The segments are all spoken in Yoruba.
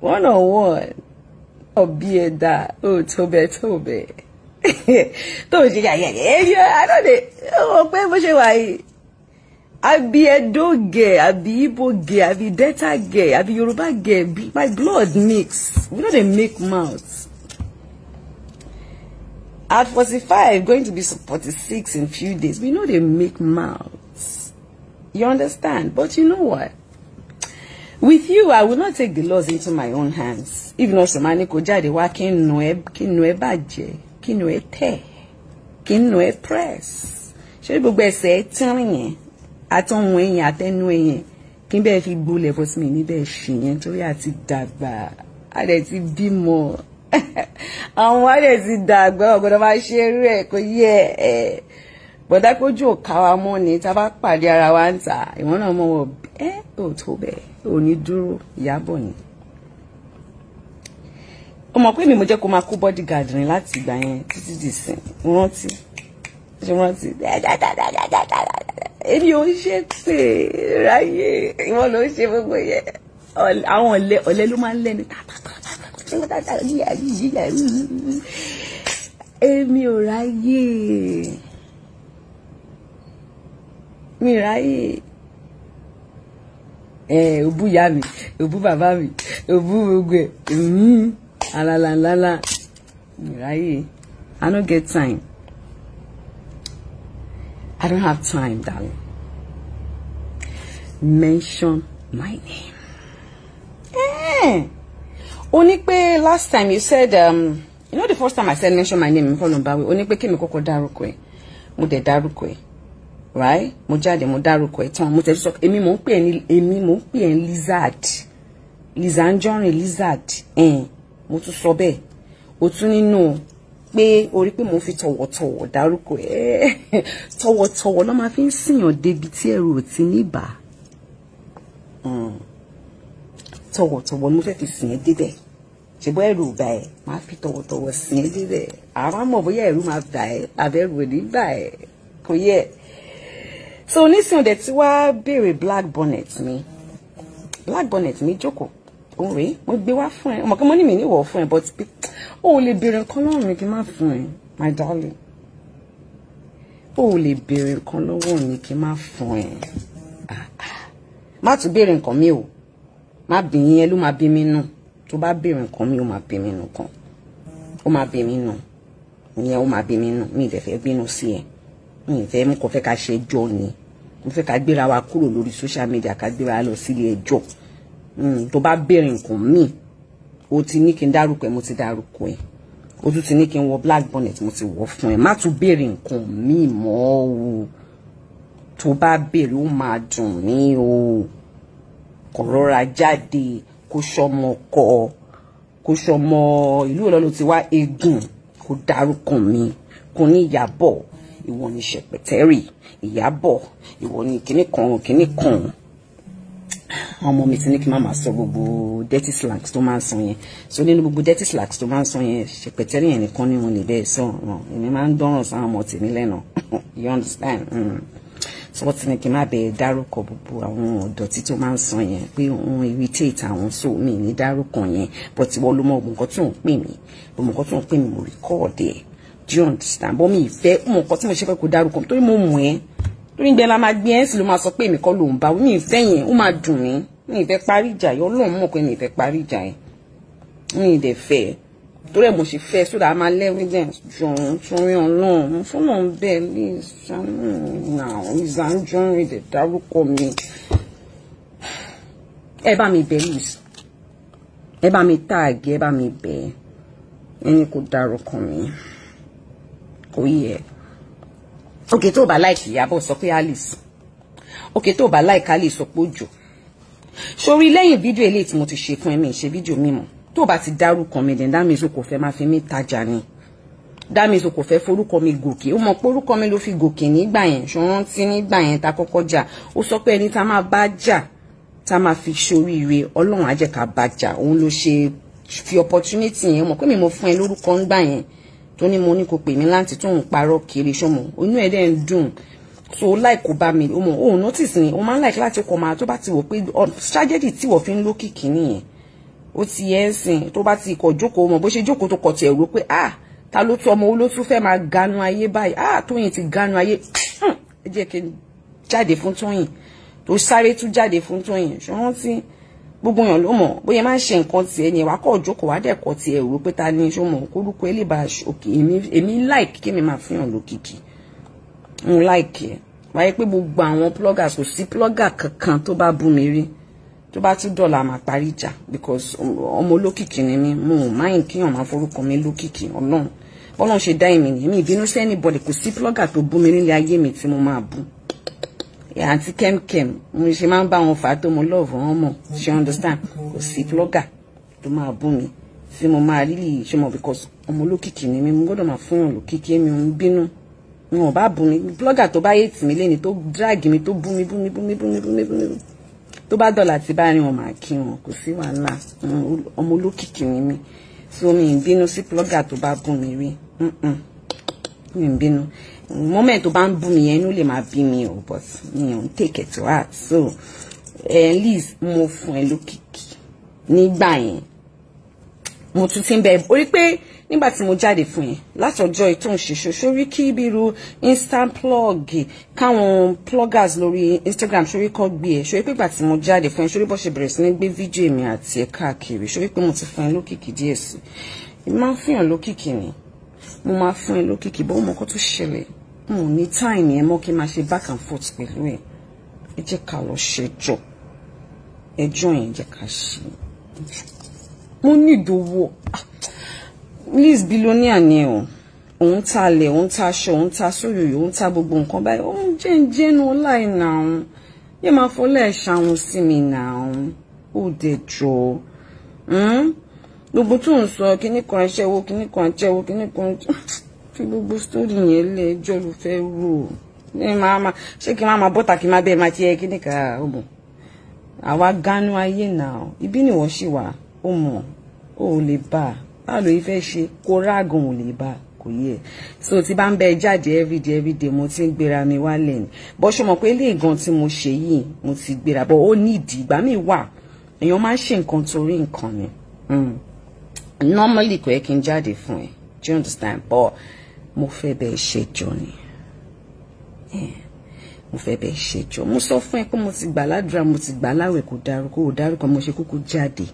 one on one. Obie da. Oh, tobe, tobe. Tó ṣe yà yà yà yà àdóde ọ̀pẹ́ why? I be a Àbí Ẹdó gẹ̀, àbí Igbo I be Delta gẹ̀, be Yorùbá gẹ̀, my blood mix. We know they make mouths. At 45, going to be 46 in few days, we know they make mouths. You understand? But you know what? with you i will not take the laws into my own hands if not some kò jáde wá kí n nù ẹ kí n nù ẹ bàjẹ́ kí n nù ẹ tẹ̀ kí press ṣé gbogbo ẹsẹ̀ ẹ tínrín yẹn àtọ̀hún ẹ̀yìn àtẹnu ẹ̀yìn kí n bẹ́ẹ̀ fi for bọ́sí mi níbẹ̀ ṣì yẹn torí àti dàgbà a dẹ̀ ti bímọ àwọn a dẹ̀ ti dàgbà ọ̀gọ́dọ̀ máa ṣe eré ẹ̀ kò yẹ ẹ̀ bọ̀dá kójú ò ká wa mọ́ ni tá a bá pàdé ara wa ń ta ìwọ́n náà mọ̀ wọ̀ ẹ́ ò tó òní dúró ìyábọ̀ ni ó mọ̀ pé mi mo jẹ́ kó máa kó bodyguard rìn láti ìgbà yẹn títí di sìn rántí ṣe rántí èmi ò ṣe tè ráyè ìwọ ló ṣe gbogbo yẹn àwọn ọ̀lẹ ọ̀lẹ ló máa ń lẹ́ni èmi ò ráyè mi ráyè. Eh, òbú ìyá mi òbú bàbá mi òbú gbogbo ẹ̀ alalalala ìráyè I no get time I don't have time darling mention my name. Eh. ó ní pé last time you said um, you know the first time I said mention my name nkọ́ ló ń bá wí ó ní pé kí mi kọ́kọ́ dárúkọ ẹ̀ mo dẹ̀ dárúkọ ẹ̀ right mo jáde mo dárúkọ ẹ tán mo tẹ̀sí sọ èmi mò ń pè ẹ́ ní èmi mò ń pè ní lizard Lizzy lizard ẹ̀ẹ́n mo tún sọ bẹ́ẹ̀ o tún nínú pé orí pé mo fi tọ̀wọ̀tọ̀wọ̀ dárúkọ ẹ̀ tọ̀wọ̀tọ̀wọ̀ ló máa fi ń sìyàn débi tí ẹ̀rù ò ti ní bà tọ̀wọ̀tọ̀wọ̀ ni mo fẹ́ fi sìn débẹ̀ ṣùgbọ́n ẹ̀rù ò bà ẹ́ máa fi tọ̀wọ̀tọ̀wọ̀ sìn débẹ̀ àwa mọ̀ bóyá ẹ̀rù máa bà ẹ́ àbẹ̀rù ò ní bà ẹ́ kò yẹ so nísìnyí ọ̀dẹ̀ tí wàá béèrè black bonnet mi black bonnet mi joko, òun mo gbé wá fún ẹ ọmọ kan mo ní mi níwọ̀ fún ẹ but pé o ò lè béèrè nǹkan lọ́rùn mi kí n má fún my darling o le lè béèrè nǹkan lọ́wọ́ mi kí n má fún ẹ ah, ah. má tún béèrè nǹkan mi o má bì yín ẹ ló máa bí mi nù tó bá béèrè nǹkan mi ó máa bí mi nù kan ó máa bí mi nù ìyẹn ó máa bí mi nù mi ì dẹ̀ fẹ́ bínú sí mi ì fẹ́ mú kó fẹ́ ká ṣe ni mo fẹ́ ká gbéra wa kúrò lórí social media ká gbéra wa lọ sílé ẹjọ́ hmm, tó bá béèrè nǹkan míì o ti ní kí n dárúkọ ẹ mo ti dárúkọ ẹ o tún ti ní kí n wọ black bonnet mo ti wọ fún ẹ má tún béèrè nǹkan míì mọ́ o tó bá béèrè ó máa dùn mí o kò rọra jáde kó sọmọ kọ kó sọmọ ìlú Ìlọrin ti wá eégún kó dárúkọ mi kó ní Ìyábọ̀ ìwọ ni ṣèpẹtẹrì ìyábọ̀ ìwọ ni kíní kan kíní kan ọmọ mi ti ní kí n má máa sọ gbogbo dirty slangs tó máa ń sọ yẹn so nínú gbogbo dirty slangs tó máa ń sọ yẹn ṣèpẹtẹrì yẹn nìkan ni wọn lè bẹ́ẹ̀ sọ ọ̀ràn èmi máa ń dọ́ràn sáwọn ọmọ tèmi lẹ́nu you understand. Mm. so wọ́n ti ní kí n má bẹ̀ẹ́ dárúkọ gbogbo àwọn ọ̀dọ̀tí tó máa ń san yẹn pé òun irritate àwọn so mi ní dárúkọ yẹn bó ti wọ́n ló mọ ògùn kan tó ń pè mí ògùn kan tó ń pè mí mo record ẹ̀ do you understand bọ́ mi ìfẹ́ mọ̀ nǹkan tí mo ṣe fẹ́ kó dárúkọ torí mo mọ̀ ẹ́ torí gbẹ la máa gbé ẹ́ sì ló máa sọ pé èmi kọ́ ló ń mi ìfẹ́ yẹn ó máa dùn mí mi ìfẹ́ parí ìjà yẹn ọlọ́run mọ̀ pé mi ìfẹ́ parí ìjà yẹn mi de fe ẹ́ torí ẹ̀ mo ṣe fẹ́ sódà a máa lẹ́rìn jẹ́ jọ̀hún torí ọlọ́run mo fọ́nà ń bẹ̀ ní ìsánú àwọn ìsánjọ́rin ìdẹ̀ dárúkọ mi ẹ bá mi bẹ̀ lùs ẹ bá mi táàgì ẹ bá mi bẹ̀ ẹni kò dárúkọ mi kò yẹ òkè tó bá láìkì Ìyábọ̀ sọ pé Alice òkè tó bá láìkì Alice sọ pé Òjó sórí lẹ́yìn fídíò eléyìí tí mo ti ṣe fún ẹ mi ṣe fídíò mímọ́ tó bá ti dárúkọ mi dẹ̀ dá mi sọ kò fẹ́ máa fi mí tajà ni dá mi sọ kò fẹ́ forúkọ mi gòkè ó mọ̀ pé orúkọ mi ló fi gòkè nígbà yẹn ṣùgbọ́n tí nígbà yẹn ta kọ́kọ́ jà ó sọ pé ẹni tá máa bá jà tá máa fi ṣoríire ọlọ́run á jẹ́ ká bá jà òun ló ṣe fi opportunity yẹn mọ̀ pé mi mo fún ẹ lórúkọ ńgbà yẹn tó ní mo ní kò pè mí láǹtí tó ń parọ́ kiri ṣọmọ inú ẹ̀ dẹ̀ ń dùn so like kò bá mi o mọ̀ òun notice ni o máa ń like láti kọ̀ máa tó bá ti wò pé strategy tí wọ́n fi ń lókìkí nìyẹn ó ti ẹ̀ ń sìn tó bá ti kọ̀ jókòó mọ̀ bó ṣe jókòó tó kọ̀ tiẹ̀ rò pé ah ta ló tún ọmọ olótú fẹ́ máa ganu ayé báyìí ah tóyìn ti ganu ayé hmm, ẹ jẹ́ kí n jáde fún tóyìn tó sáré tún jáde fún tóyìn ṣùgbọ́n tí gbogbo èèyàn ló mọ̀ bóyá máa ń ṣe nǹkan tiẹ̀ ni ìwà kọ̀ jókòó wá dẹ̀kọ̀ tiẹ̀ rò pé ta ni ṣó mọ̀ kúrúkú ẹ lè bá òkè èmi like kí mi máa fi hàn lókìkí n like ẹ wáyé pé gbogbo àwọn pluggers kò sí plugger kankan tó bá bú mi rí tó bá tún dọ̀là máa parí ìjà because ọmọ olókìkí ni mí mo ò máyìn kíyàn máa forúkọ mi lókìkí ọlọ́run bọ́lọ́n ṣe dá èmi nìyí mi ìbínú sẹ́ni bọ̀dẹ̀ kò sí plugger tó bú mi nílé ayé mi tí mo máa bú àti kemkem mo ṣe máa ń bá wọn fà á tó mo lọ́ọ̀fù wọn mọ̀ ṣe understand kò sí blogger tó máa bú mi tí mo máa rí lè ṣe mọ̀ because ọmọ olókìkí ni mi mo gbọ́dọ̀ máa fún yàn lókìkí èmi òun bínú wọn ò bá bú mi blogger tó bá yéètì mi lẹ́ni tó drag mi tó bú mi bú mi bú mi bú mi bú mi bú mi tó bá dọ̀là tí bá rin wọn máa kí wọn kò sí wàhálà ọmọ olókìkí ni mi so mi ń bínú sí blogger tó bá bú mi rí mi ń bínú moment to ban ń bú mi yẹn inú lè máa mi o but mi ò take it to heart so eh, at least mo fún ẹ lókìkí nígbà yẹn mo tún ti ń bẹ orí pé nígbà tí mo jáde fún yẹn látọjọ́ ètò ìṣèṣọ sórí kí bírú instant plug káwọn pluggers lórí Instagram sórí kọ gbé ẹ sórí pé ìgbà tí mo jáde fún yẹn sórí bó ṣe bẹ̀rẹ̀ sí ní gbé fídíò èmi àti ẹ káàkiri sórí pé mo ti fún ẹ lókìkí díẹ̀ sí i máa ń fihàn lókìkí ni mo máa fún ẹ lókìkí bó mọ kó tó ṣẹlẹ̀ n ò ní táìmì ẹ mọ́ kí n máa ṣe back and forth pẹ̀lú ẹ ẹ jẹ́ ká lọ ṣẹjọ́ ẹjọ́ yẹn jẹ́ ká ṣe mo ní ìdòwò Liz billionaire ni o òun ta alẹ̀ òun ta aṣọ òun ta sóyòyò òun ta gbogbo nǹkan báyìí òun jẹ́ ń jẹ́nu láì nà òun yóò máa fọlẹ́ ṣàwọn sí mi nà òun ó dẹ̀ jọ hmm? gbogbo tó ń sọ kíní kan ẹṣẹ́ wo kíní kan ẹṣẹ́ wo kíní kan ẹṣẹ́ wo fi gbogbo sítórì yẹn lẹ ẹjọ́ ló fẹ́ rò ẹ máa ma ṣé kí n máa ma bọ́tà kí n máa bẹ́ẹ̀ máa ti ẹ kí nìkan ọmọ àwa gánú ayé náà ibi ni wọ́n ṣì wà ó mọ̀ ó lè bá a báwo ló yẹ fẹ́ ṣe kó ráàgùn ò lè bá a kò yẹ so ti bá ń bẹ jáde everyday everyday mo ti ń gbéra mi wálẹ̀ ni bó ṣe mọ̀ pé ilé ìgan tí mo ṣe yìí mo ti gbéra bọ́ ó ní ìgbà mi wà èèyàn máa ń ṣe nǹkan torí nǹkan ni hmm. normally kò yẹ kí n jáde fún ẹ do you understand but mo fẹ́ bẹ́ẹ̀ ṣèjọ ni mo fẹ́ bẹ́ẹ̀ ṣèjọ mo sọ fún ẹ pé mo ti gbà ládùúrà mo ti gbà láwẹ̀ kò dárúkọ ò dárúkọ mo ṣe kúkú jáde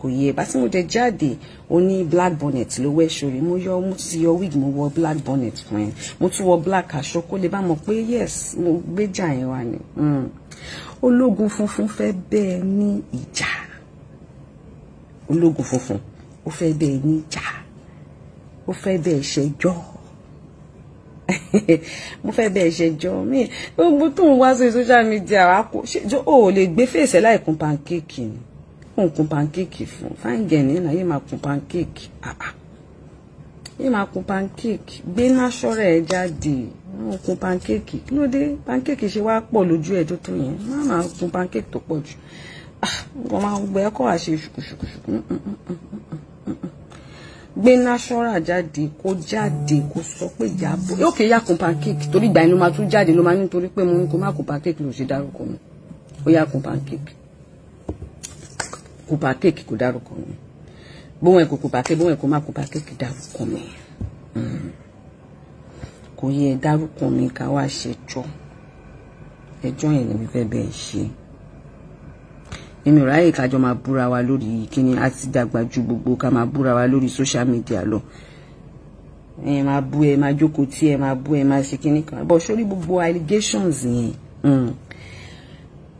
kò yẹ bá tí mo dé jáde ó ní black bonnet ló wẹ́ sórí mo yọ mo ti yọ wig mo wọ black bonnet fún ẹ mo tún wọ black aṣọ kó lè bá mọ̀ pé yes mo gbéjà yẹn wá ni hmm. ológun funfun fẹ́ bẹ́ẹ̀ ní ìjà ológun funfun ó fẹ́ bẹ́ẹ̀ ní ìjà ó fẹ́ bẹ́ẹ̀ ṣẹjọ́ mo fẹ́ bẹ́ẹ̀ ṣẹjọ́ mi gbogbo tó ń wá sórí social media wa kò ṣẹjọ́ ò lè gbé fèsì láì kun pancake ni kò ń kun pancake fún fáìngẹ̀ nínú yìí máa kun pancake ah, ah. yìí máa kun pancake gbé náṣọ́rẹ̀ ẹ̀ jáde mo kun pancake kí ló dé pancake ṣe wá pọ̀ lójú ẹ̀ tó tó yẹn má máa kun pancake tó pọ̀ jù wọ́n ah, máa ń gbẹ́ kọ́ àṣe ṣùkùṣùkùṣùkù mm, mm, mm, gbé náṣọ́rà jáde kó jáde kó sọ pé ìyàbọ̀ òkè eh, yà kún pancake torí ìgbà yẹn ló máa tún jáde ló máa ní torí pé mo ní kó má kún pancake ló ṣe dárúkọ mi ó yà kún pancake kún pancake kò dárúkọ mi bóun ẹ kò kún pancake bóun ẹ kò má kún pancake dárúkọ mi hmm. kò yẹ dárúkọ mi ká wá ṣẹjọ́ ẹjọ́ yẹn ni mo fẹ́ bẹ́ẹ̀ ṣe èmi ò ráyè kájọ máa búra wa lórí kíni a dàgbà ju gbogbo ká máa búra wa lórí social media lọ ẹ máa bú ẹ máa jókòó tí ẹ máa bú ẹ máa ṣe kíní kan bọ sórí gbogbo allegations yẹn mm,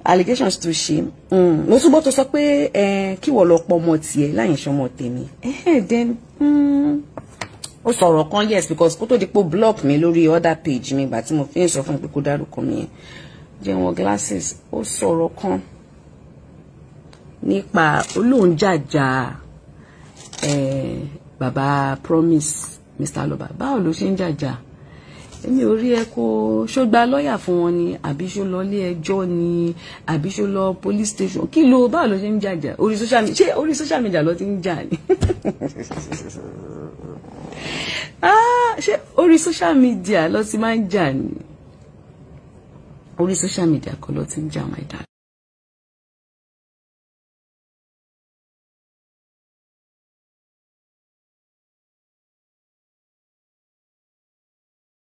allegations tó ṣe mm, mo túbọ̀ tó sọ pé kíwọ̀ lọ pọ̀ ọmọ tiẹ̀ láyìn ṣọmọ tèmi then mm, ó sọ̀rọ̀ kan yes because kó tó di pé block mi lórí other page mi ìgbà tí mo fi ń sọ fún pé dárúkọ mi yẹn jẹ́ wọn glasses ó sọ̀rọ̀ kan nípa olóhùn jàjà bàbá promise mr lọba báwo ló ṣe ń jàjà èmi ò rí ẹ kó ṣó gba lọ́ọ̀yà fún wọn ni àbí ṣó lọ ilé ẹjọ́ ni àbí ṣó lọ police station kí ló báwo ló ṣe ń jàjà orí social media ṣé orí social media ló ti ń jà ni ah, ṣé orí social media ló ti máa ń jà ni orí social media kọ́ ló ti ń jà my dad.